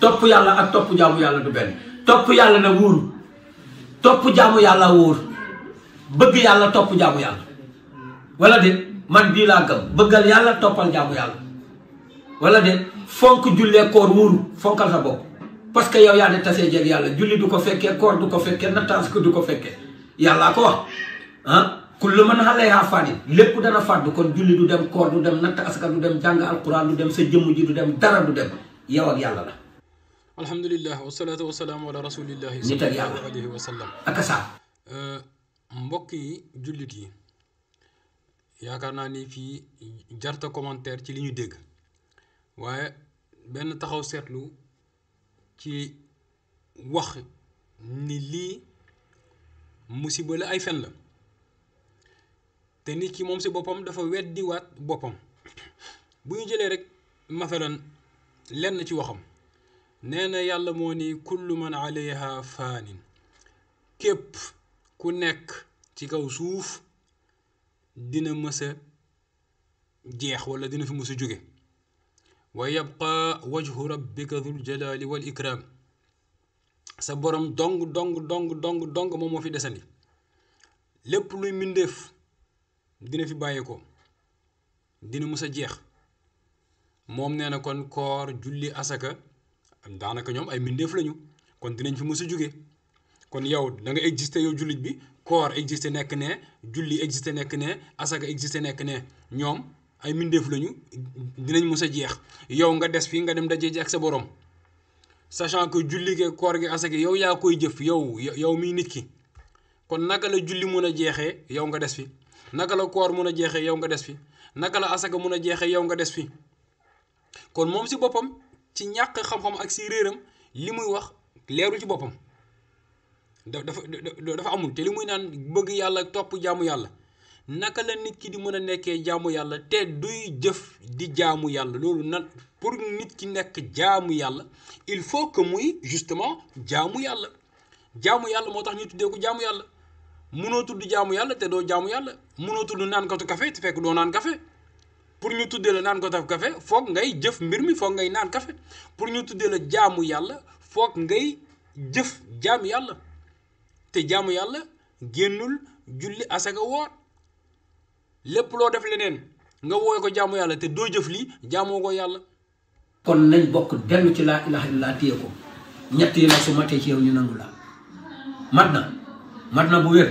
Topu yalla ak top jamu yalla du ben top yalla na wour top jamu yalla wour bëgg yalla top jamu yalla wala de man di la gam bëggal yalla topal jamu yalla wala de fonk julle koor wour fonkal sa bok parce que yow ya de tasee jeg yalla julli du ko fekke koor du ko fekkee nattaas ko du ko fekke yalla ko wax ah kullu man fani lepp dana fad kon julli du dem koor du dem natt asaka du dem jang alquran du dem sa jëmm ji du dem dara du dem yow ak yalla la الحمد لله والصلاة والسلام على رسول الله صلى الله عليه وسلم أكسا مبكي جلدي يا كناني في جرت كومنتير تي لينيو ديغ واي بن تاخاو سيتلو تي واخ ني لي مصيبه لا اي فن لا تني كي موم سي بوبام دا فا ويدي وات بوبام بو ني جيلي رك مثلا لن تي واخام نانا يالا موني كل من عليها فان كيب كو نيك تي كاو سوف دينا مسا جيخ ولا دينا في مسا جوغي ويبقى وجه ربك ذو الجلال والاكرام سا بوروم دونغ دونغ دونغ دونغ دونغ مومو في دساندي لب لوي مينديف دينا في بايكو دينا مسا جيخ موم نانا كون كور جولي اساكا kon daanaka ñoom ay mbindeef lañu kon dinañ fi mësa jóge kon yow da nga existé yow jullit bi koor existé nekk ne julli existé nekk ne asaka existé nekk ne ñoom ay mbindeef lañu dinañ mësa jeex yow nga des fi nga dem dajé jax sa borom sachant que julli ge koor ge asaka yow ya koy jëf yow yow mi nit ki kon naka la julli mëna a yow nga des fi naka la koor mëna a yow nga des fi naka la asaka mëna yow nga des fi kon mom ci bopam ci ñàkk xam-xam ak si réeram li muy wax leeru ci boppam da dafa dafa amul te li muy naan bëgg yàlla topp jaamu yàlla naka la nit ki di mën a nekkee jaamu yàlla te duy jëf di jaamu yàlla loolu nan pour nit ki nekk jaamu yàlla il faut que muy justement jaamu yàlla jaamu yàlla moo tax ñu tuddee ko jaamu yàlla mënoo tudd jaamu yàlla te doo jaamu yàlla mënoo tudd naan katu café te fekk doo naan kafe pour ñu tuddee la naan ko taf kafe foog ngay jëf mbir mi foog ngay naan café pour ñu tuddee la jaamu yàlla foog ngay jëf jaamu yàlla te jaamu yàlla génnul julli asaka woor lépp loo def leneen nga wooy ko jaamu yàlla te doo jëf lii jaamoo ko yàlla kon nañ bokk dellu ci laa ilaha illallah téye ko ñett yi la su matee ci yow ñu nangu la mat na mat na bu wér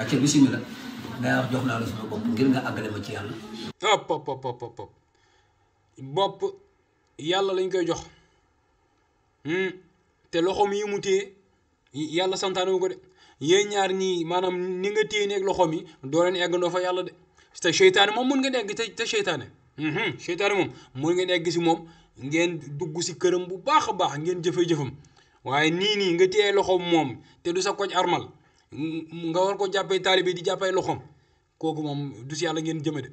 ak ca bisimilah day wax ngir nga àggale ma ci yàlla. bopp yàlla lañ koy jox hmm? te loxoom yi mu téye yàlla santaane wu ko de yéen ñaar nii maanaam ni nga téye nekk loxoom yi doo leen eggandoo fa yàlla de te seytaane moom mun nga egg te te seytaane hmm, seytaane moom mun ngeen egg si moom ngeen dugg si këram bu baax a baax ngeen jëfe jëfam waaye nii nii nga téye loxoom moom te du sa koj armal. nga war ko jàppee taalibe di jàppee loxoom kooku moom du si yàlla ngeen jëme de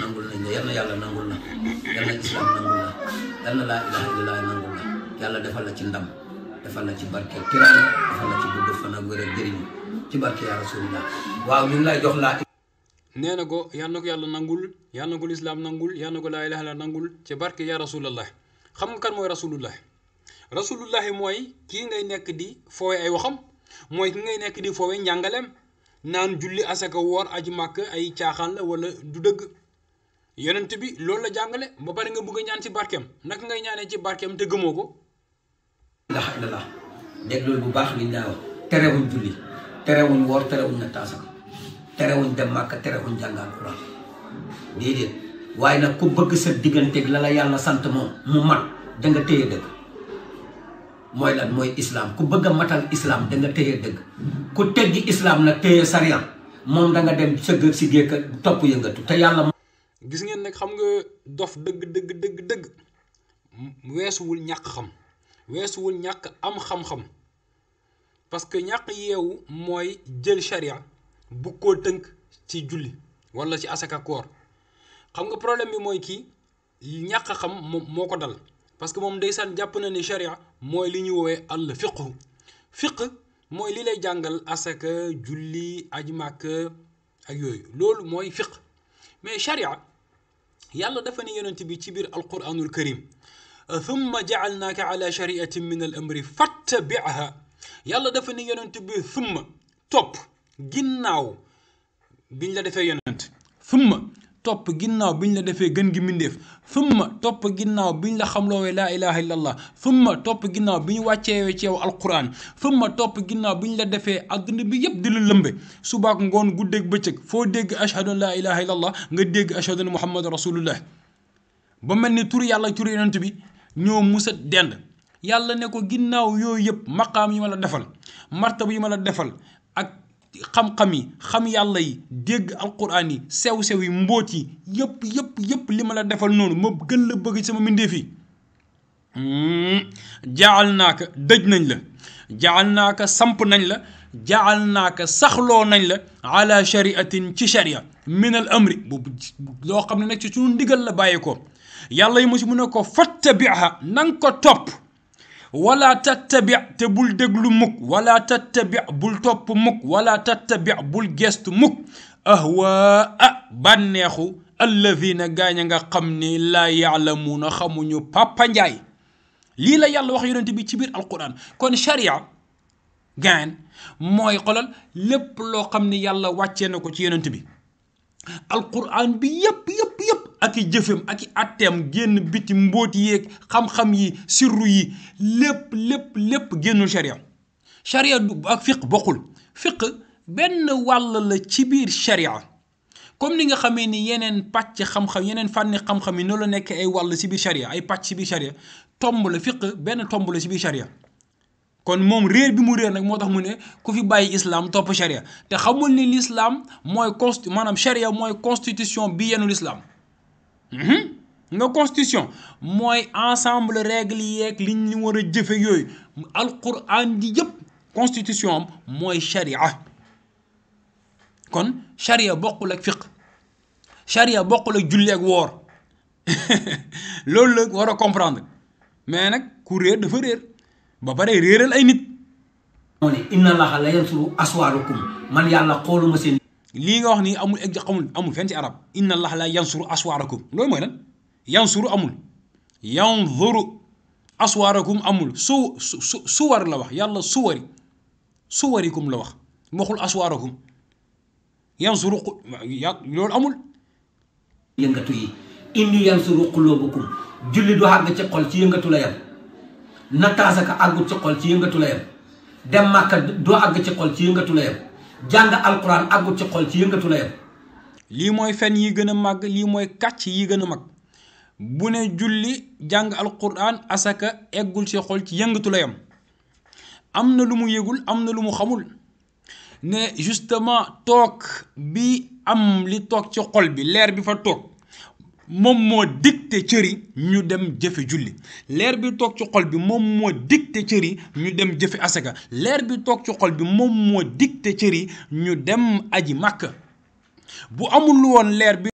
yàlla yàlla nangul na yàlla islam nangul na yàlla laa ilaha illallah nangul na yàlla defal la ci ndam defal la ci barke kiraane defal la ci gudd fan ak wér ak jëriñu ci barke yaa rasulillah waaw ñun lay jox laa nee na ko yal na ko yàlla nangul yal na ko nangul ko laa ilaha illa nangul ci barke yaa rasulillah xam nga kan mooy rasulullah rasulullah mooy kii ngay nekk di foowe ay waxam mooy ki ngay nekk di foowe njàngaleem naan julli asaka woor aji màkk ay caaxaan walla du dëgg yonent bi loolu la jàngale ba bari nga bëgg a ñaan ci barkeem naka ngay ñaanee ci barkeem te gëmoo ko. ndax dégg loolu bu baax li ñu daa wax julli. terewuñ war terewuñ na taasam demak dem tere wun jangal quran dede way nag ku bëgg sa digganteeg la la yalla sant mom mu mat da nga téye deug moy lan moy islam ku bëgg matal islam da nga téye deug ku teggi islam na téye sharia mom da nga dem sëgg si géej topp yëngatu te yalla gis ngeen nak xam nga dof deug deug deug deug wessuul ñak xam wessuul ñak am xam-xam. parce que ñak yew moy jël sharia bu ko teunk ci julli wala ci asaka koor xam nga problème bi moy ki ñak xam moko dal parce que mom ndeysaan jàpp na ni sharia moy li ñu wowe al fiqh fiqh moy li lay jàngal asaka julli ajmak ak yoy loolu moy fiqh mais sharia yàlla dafa ni yonent bi ci biir alquranul karim thumma jacalnaaka ala shariatin min al amri fattabiaha yàlla dafa ni yonent bi ma topp ginnaaw biñ la defee yonent ma topp ginnaaw bi ñu la defee gën gi mbindéef ma topp ginnaaw bi ñu la xamloowee laa ilaha illa allah ma topp ginnaaw bi ñu wàcceewee ci yow alquran ma topp ginnaaw bi ñu la defee àdduna bi yëpp di la lëmbe subaak ngoon guddeeg bëccëg foo dégg ashhadu an laa ilaha illa nga dégg ashhadu an muhammadu rasulullah ba mel ni tur yàlla tur yonent bi ñoo musa dend yàlla ne ko ginnaw yoy yep maqam yi ma la defal martaba yi ma la defal ak xam xami xam yàlla yi deg alqurani sew-sew yi mboti yep yep yep yëpp li ma la defal noonu mo geul la beug sama minde fi jaal dëj nañ la jaal samp nañ la jaal saxlo nañ la ala shariatin ci sharia min al amri boobu loo xam ne ci suñu ndigal la bayiko ko yàlla yi mu si mu ne ko fattabiha na ko topp ولا تتبع تبول دغلو موك ولا تتبع بول توب موك ولا تتبع بول جيست موك اهواء بانيخو الذين غاغنغا خمني لا يعلمون خمونيو بابا نجاي لي لا يالله واخ يونتي بي تبير القران كون شريعه غان موي خولال لب لو خمني يالله واتيه نكو تي يونتي بي alquran bi yëpp yëpp yëpp ak i jëfam ak i atteem génn biti mbóoti yeeg xam-xam yi sirru yi lépp lépp lépp génnul sharia sharia du ak fiq bokkul fiq benn wàll la ci biir sharia comme ni nga xamee ni yeneen pàcc xam-xam yeneen fànni xam-xam yi noonu la nekk ay wàll si biir sharia ay pàcc si biir sharia tomb la fiq benn tomb la si biir sharia kon moom réer bi mu réer nag moo tax islam topp sharia te xamul ni l'islam sharia constitution bi yenu l'islam mhm. nga constitution mooy ensemble règle yeeg liñ li war a yooyu alquran constitution am charia. sharia kon sharia bokkul ak sharia bokkul ak woor comprendre mais nag ku réer ba réeral ay nit. moo inna allaha la yansuru aswaarakum man yàlla xooluma seen. lii nga wax nii amul egg amul amul fenn ci arab inna allaha la yansuru aswaarakum loolu mooy lan yansuru amul yanzuru aswaarakum amul su suwar la wax yàlla suwari suwarikum la wax waxul aswaarakum yansuru loolu amul. yëngatu yi indi yansuru quluubakum julli du àgg ci xol ci yëngatu la yam. nattaasaka àggut ci xol ci yëngatu la yem dem màkka doo àgg ci xol ci yëngatu la yem jàng alquran àggut ci xol ci yëngatu lii mooy fen yi gën a màgg lii mooy kàcc yi gën a mag bu ne julli jàng alquran asaka eggul ci xol ci yëngatu la am na lu mu yégul am na lu mu xamul ne justement toog bi am li toog ci xol bi leer bi fa toog moom moo dicté cër ñu dem jëfe julli leer bi toog ci xol bi moom moo dicté ñu dem jëfe asaka leer bi toog ci xol bi moom moo dicté ñu dem aji makka bu amul woon leer bi